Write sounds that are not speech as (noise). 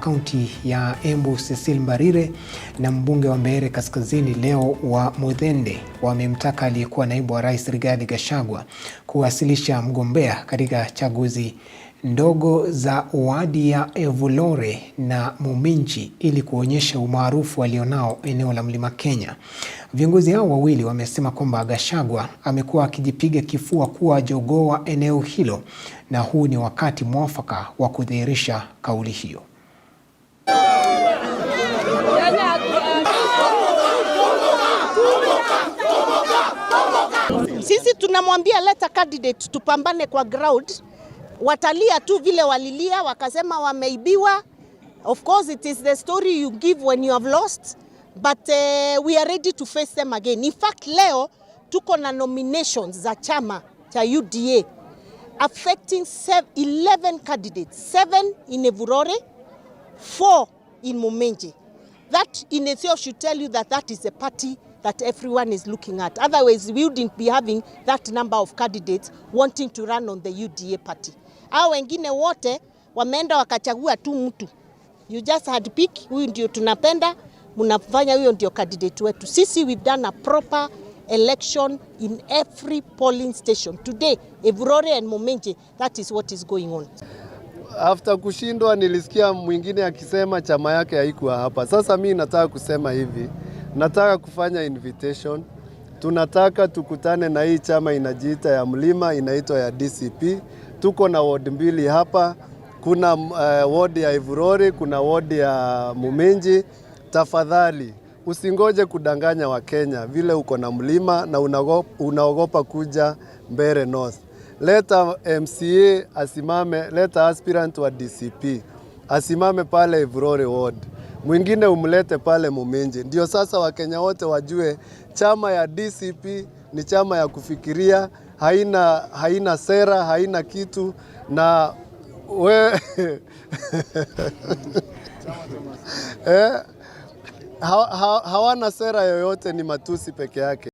kaunti ya Embu Cecil Mbarire na mbunge wa Mbeere Kaskazini Leo wa Muthende wamemtaka aliyekuwa naibu wa rais Rigathi Gachagua kuwasilisha mgombea katika chaguzi ndogo za wadi ya Evulore na Muminji ili kuonyesha umaarufu alionao eneo la Mlima Kenya. Viongozi hao wawili wamesema kwamba Gachagua amekuwa akijipiga kifua kuwa jogoo wa eneo hilo na huu ni wakati mwafaka wa kudhihirisha kauli hiyo. Sisi tunamwambia leta candidate tupambane kwa ground. Watalia tu vile walilia, wakasema wameibiwa. Of course it is the story you give when you have lost but uh, we are ready to face them again. In fact, leo tuko na nominations za chama cha UDA affecting 11 candidates, 7 in Evurore, 4 in mumenje That in itself should tell you that that is a party that everyone is looking at. Otherwise, we wouldn't be having that number of candidates wanting to run on the UDA party. Hao wengine wote wameenda wakachagua tu mtu. You just had pick, huyu ndio tunapenda, mnafanya huyo ndio candidate wetu. Sisi we've done a proper election in every polling station. Today, Evrore and Momenje, that is what is going on. After kushindwa nilisikia mwingine akisema chama yake haikuwa hapa. Sasa mi nataka kusema hivi Nataka kufanya invitation, tunataka tukutane na hii chama inajiita ya mlima inaitwa ya DCP. Tuko na ward mbili hapa, kuna uh, ward ya Ivurori, kuna ward ya Muminji. Tafadhali usingoje kudanganya Wakenya vile uko na mlima na unaogopa kuja Mbeere North. Leta MCA asimame, leta aspirant wa DCP asimame pale Ivurori ward mwingine umlete pale Muminji. Ndio sasa Wakenya wote wajue chama ya DCP ni chama ya kufikiria, haina, haina sera, haina kitu na we... (laughs) eh, ha, ha, hawana sera yoyote, ni matusi peke yake.